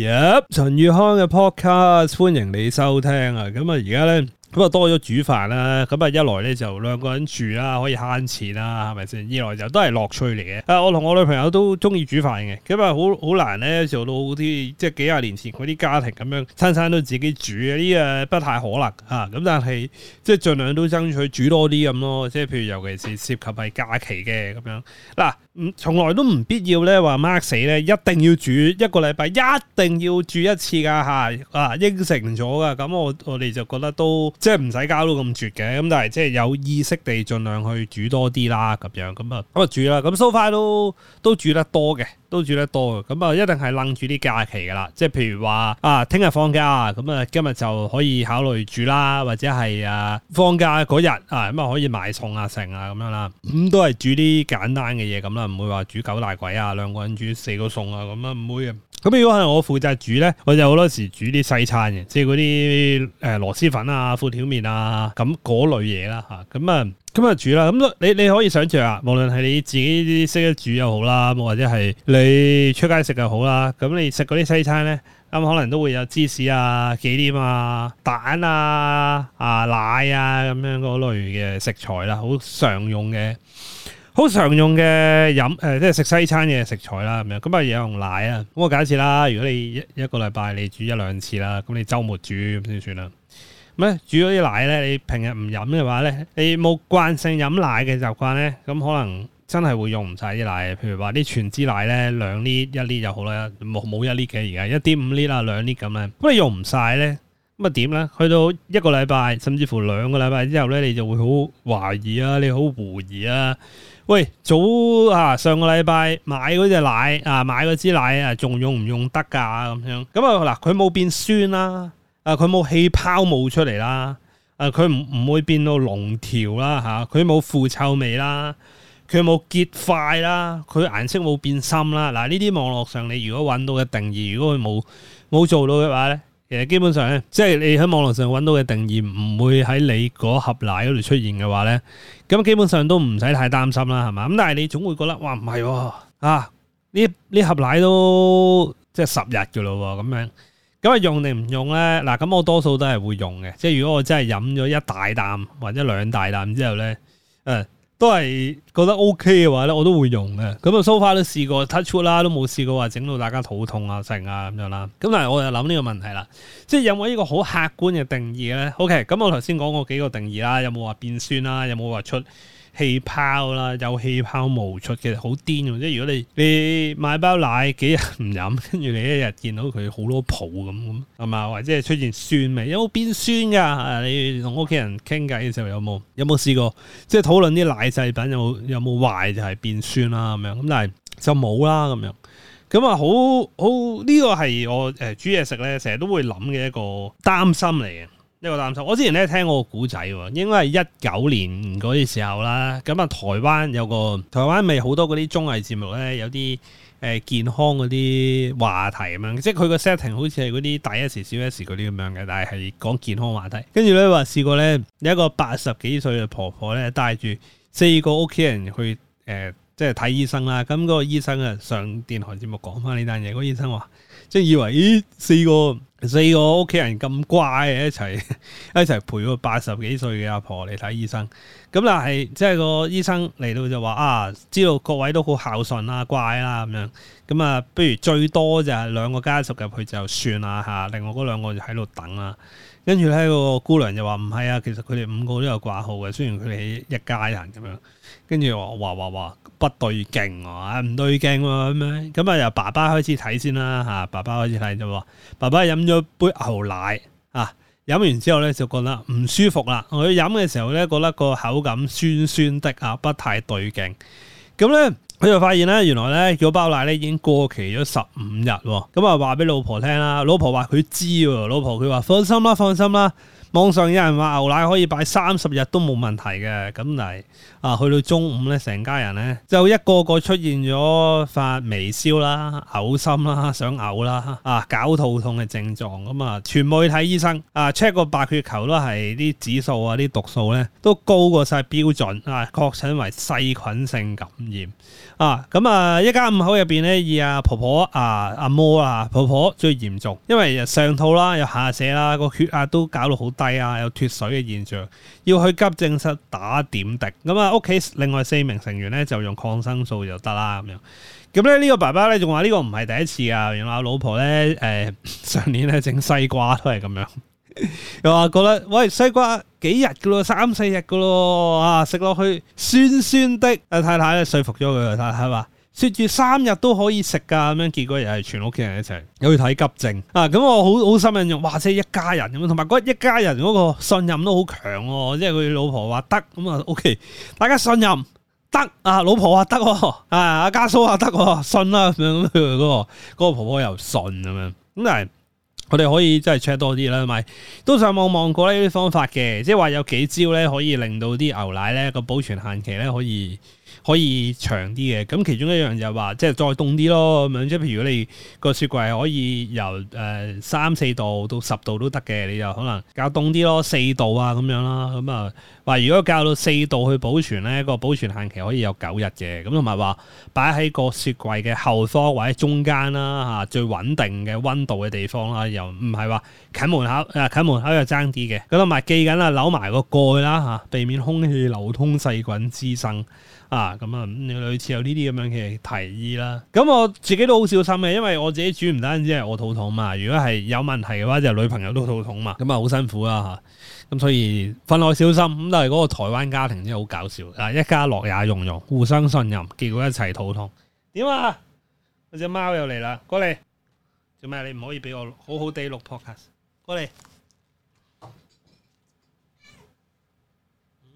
Yep, 陳宇康嘅 podcast，歡迎你收聽啊！咁啊，而家咧咁啊多咗煮飯啦，咁啊一來咧就兩個人住啦，可以慳錢啦，係咪先？二來就都係樂趣嚟嘅。啊，我同我女朋友都鍾意煮飯嘅，咁啊好好難咧，做到啲，即係幾廿年前嗰啲家庭咁樣，餐餐都自己煮嗰啲啊，不太可能嚇。咁但係即係儘量都爭取煮多啲咁咯，即係譬如尤其是涉及係假期嘅咁樣嗱。唔，從來都唔必要咧話 max 咧，mark 一定要煮一個禮拜，一定要煮一次㗎嚇。啊應承咗㗎，咁我我哋就覺得都即係唔使搞到咁絕嘅，咁但係即係有意識地盡量去煮多啲啦，咁樣咁啊咁啊煮啦，咁 so far 都都煮得多嘅。都煮得多嘅，咁啊一定係楞住啲假期噶啦，即係譬如話啊，聽日放假，咁啊今日就可以考慮住啦，或者係啊放假嗰日啊咁啊可以買餸啊剩啊咁樣啦，咁、嗯、都係煮啲簡單嘅嘢咁啦，唔會話煮九大簋啊，兩個人煮四個餸啊咁啊唔會。咁如果係我負責煮咧，我就好多時煮啲西餐嘅，即係嗰啲誒螺絲粉啊、闊條麵啊，咁嗰類嘢啦嚇。咁啊，咁啊煮啦。咁你你可以想像啊，無論係你自己識得煮又好啦，或者係你出街食又好啦，咁你食嗰啲西餐咧，咁可能都會有芝士啊、忌廉啊、蛋啊、啊奶啊咁樣嗰類嘅食材啦、啊，好常用嘅。好常用嘅飲誒、呃，即係食西餐嘅食材啦，咁樣咁啊，有用奶啊。咁我假設啦，如果你一一個禮拜你煮一兩次啦，咁你週末煮咁先算啦。咁煮咗啲奶呢，你平日唔飲嘅話呢，你冇慣性飲奶嘅習慣呢，咁可能真係會用唔晒啲奶。譬如話啲全脂奶呢，兩呢一啲就好啦，冇冇一啲嘅而家一啲五呢啦，兩啲咁咧，咁你用唔晒呢。咁啊點咧？去到一個禮拜，甚至乎兩個禮拜之後咧，你就會好懷疑啊，你好狐疑啊。喂，早啊，上個禮拜買嗰隻奶啊，買嗰支奶用用啊，仲用唔用得噶？咁樣咁啊嗱，佢冇變酸啦、啊，啊佢冇氣泡冒出嚟啦、啊，啊佢唔唔會變到濃條啦吓，佢、啊、冇腐臭味啦、啊，佢冇結塊啦、啊，佢顏色冇變深啦、啊。嗱呢啲網絡上你如果揾到嘅定義，如果佢冇冇做到嘅話咧？其實基本上咧，即係你喺網絡上揾到嘅定義唔會喺你嗰盒奶嗰度出現嘅話咧，咁基本上都唔使太擔心啦，係嘛？咁但係你總會覺得，哇唔係喎，啊呢呢盒奶都即係十日嘅咯喎，咁樣咁、嗯、用定唔用咧？嗱、啊，咁我多數都係會用嘅，即係如果我真係飲咗一大啖或者兩大啖之後咧，誒、嗯。都係覺得 OK 嘅話咧，我都會用嘅。咁啊，so far 都試過 touch wood 啦，都冇試過話整到大家肚痛啊、成啊咁樣啦。咁但係我又諗呢個問題啦，即係有冇呢個好客觀嘅定義咧？OK，咁我頭先講過幾個定義啦，有冇話變酸啦，有冇話出氣泡啦，有氣泡冒出嘅其實好癲，即係如果你你買包奶幾日唔飲，跟住你一日見到佢好多泡咁咁，係嘛？或者係出現酸味，有冇變酸噶？你同屋企人傾偈嘅時候有冇？有冇試過即係討論啲奶製品有冇有冇壞就係、是、變酸啦咁樣？咁但係就冇啦咁樣。咁啊，好好、這個、呢個係我誒煮嘢食咧，成日都會諗嘅一個擔心嚟嘅。呢個濫收，我之前咧聽過個古仔喎，應該係一九年嗰啲時候啦。咁啊，台灣有個台灣咪好多嗰啲綜藝節目咧，有啲誒健康嗰啲話題啊嘛，即係佢個 setting 好似係嗰啲大 S 小 S 嗰啲咁樣嘅，但係係講健康話題。跟住咧話試過咧，有一個八十幾歲嘅婆婆咧，帶住四個屋企人去誒、呃，即係睇醫生啦。咁、那、嗰個醫生啊上電台節目講翻呢單嘢，嗰、那個、醫生話。即係以為，咦，四個四個屋企人咁乖嘅一齊一齊陪個八十幾歲嘅阿婆嚟睇醫生，咁但係即係個醫生嚟到就話啊，知道各位都好孝順啊，乖啦咁樣，咁啊，不如最多就係、係、兩個家屬入去就算啦嚇、啊，另外嗰兩個就喺度等啦、啊。跟住咧，個姑娘就話唔係啊，其實佢哋五個都有掛號嘅，雖然佢哋一家人咁樣。跟住話話話話，不對勁啊，唔對勁喎咁樣。咁啊，由爸爸開始睇先啦嚇，爸爸開始睇咗。爸爸飲咗杯牛奶啊，飲完之後咧就覺得唔舒服啦。我飲嘅時候咧，覺得個口感酸酸的啊，不太對勁。咁咧。佢就發現咧，原來咧個包奶咧已經過期咗十五日，咁啊話俾老婆聽啦，老婆話佢知，老婆佢話放心啦，放心啦。網上有人話牛奶可以擺三十日都冇問題嘅，咁嚟啊去到中午咧，成家人咧就一個個出現咗發微燒啦、嘔心啦、想嘔啦、啊絞肚痛嘅症狀，咁啊全部去睇醫生，啊 check 個白血球都係啲指數啊、啲毒素咧都高過晒標準，啊確診為細菌性感染，啊咁啊，啊一家五口入邊咧，二阿婆婆啊阿嬤啊婆婆，啊啊啊婆，婆最嚴重，因為上吐啦、啊、又下瀉啦，個、啊、血壓都搞到好。低啊，有脫水嘅現象，要去急症室打點滴。咁啊，屋企另外四名成員咧就用抗生素就得啦咁樣。咁咧呢個爸爸咧仲話呢個唔係第一次啊，原來我老婆咧誒、呃、上年咧整西瓜都係咁樣， 又話覺得喂西瓜幾日噶咯，三四日噶咯，啊食落去酸酸的，啊太太咧說服咗佢，太太話。説住三日都可以食㗎，咁樣結果又係全屋企人一齊，又去睇急症啊！咁我好好深印象，哇！即係一家人咁樣，同埋一家人嗰個信任都好強喎、哦，即係佢老婆話得咁啊、嗯、OK，大家信任得啊，老婆話得、哦、啊，阿家嫂話得、哦，信啦、啊、咁樣咁佢嗰個婆婆又信咁樣，咁但係我哋可以即係 check 多啲啦，咪都上網望過呢啲方法嘅，即係話有幾招咧可以令到啲牛奶咧個保存限期咧可以，可以長啲嘅，咁其中一樣就話、係、即係再凍啲咯，咁樣即係譬如你個雪櫃可以由誒三四度到十度都得嘅，你就可能較凍啲咯，四度啊咁樣啦，咁啊話如果較到四度去保存咧，個保存限期可以有九日嘅，咁同埋話擺喺個雪櫃嘅後方或者中間啦嚇、啊，最穩定嘅溫度嘅地方啦、啊，又唔係話近門口誒近、啊、門口又爭啲嘅，咁同埋記緊啦，扭埋個蓋啦嚇，避免空氣流通細菌滋生。啊啊，咁、嗯、啊，咁類似有呢啲咁樣嘅提議啦。咁、嗯、我自己都好小心嘅，因為我自己煮唔單止係我肚痛嘛，如果係有問題嘅話，就係、女朋友都肚痛嘛，咁啊好辛苦啦、啊、吓。咁、啊、所以分外小心。咁但係嗰個台灣家庭真係好搞笑，啊一家樂也融融，互相信任，結果一齊肚痛。點啊？嗰隻貓又嚟啦，過嚟做咩？你唔可以俾我好好地錄 podcast？過嚟，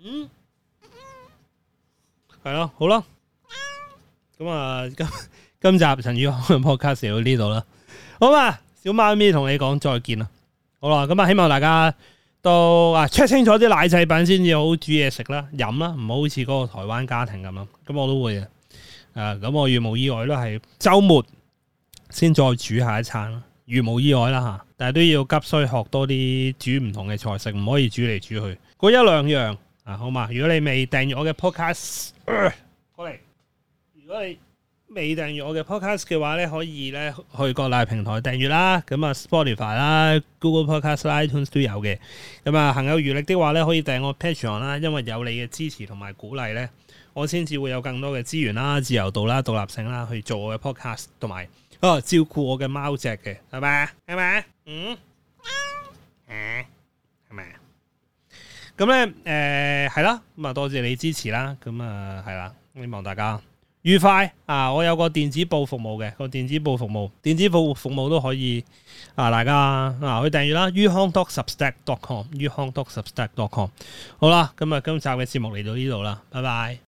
嗯？係咯，好咯，咁、嗯、啊，今今集陳宇康 podcast 到呢度啦，好嘛，小貓咪同你講再見啦，好啦，咁、嗯、啊，希望大家都啊 check 清楚啲奶製品先至好煮嘢食啦、飲啦，唔好好似嗰個台灣家庭咁樣，咁、嗯、我都會啊。誒，咁我如無意外都係周末先再煮下一餐啦，如無意外啦吓，但係都要急需學多啲煮唔同嘅菜式，唔可以煮嚟煮去，嗰一兩樣。啊好嘛，如果你未訂閱我嘅 podcast，呃，過嚟。如果你未訂閱我嘅 podcast 嘅話咧，可以咧去各大平台訂閱啦。咁啊，Spotify 啦、Google Podcast 啦、iTunes 都有嘅。咁啊，行有餘力的話咧，可以訂我 Patreon 啦。因為有你嘅支持同埋鼓勵咧，我先至會有更多嘅資源啦、自由度啦、獨立性啦，去做我嘅 podcast 同埋啊照顧我嘅貓隻嘅係咪？係咪？嗯。啊咁咧，誒係啦，咁、嗯、啊多謝你支持啦，咁啊係啦，希望大家愉快啊！我有個電子報服務嘅個電子報服務，電子報服務都可以啊大家啊去訂閱啦，ucon.substack.com，ucon.substack.com，好啦，咁、嗯、啊今集嘅節目嚟到呢度啦，拜拜。